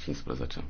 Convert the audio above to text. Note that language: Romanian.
15.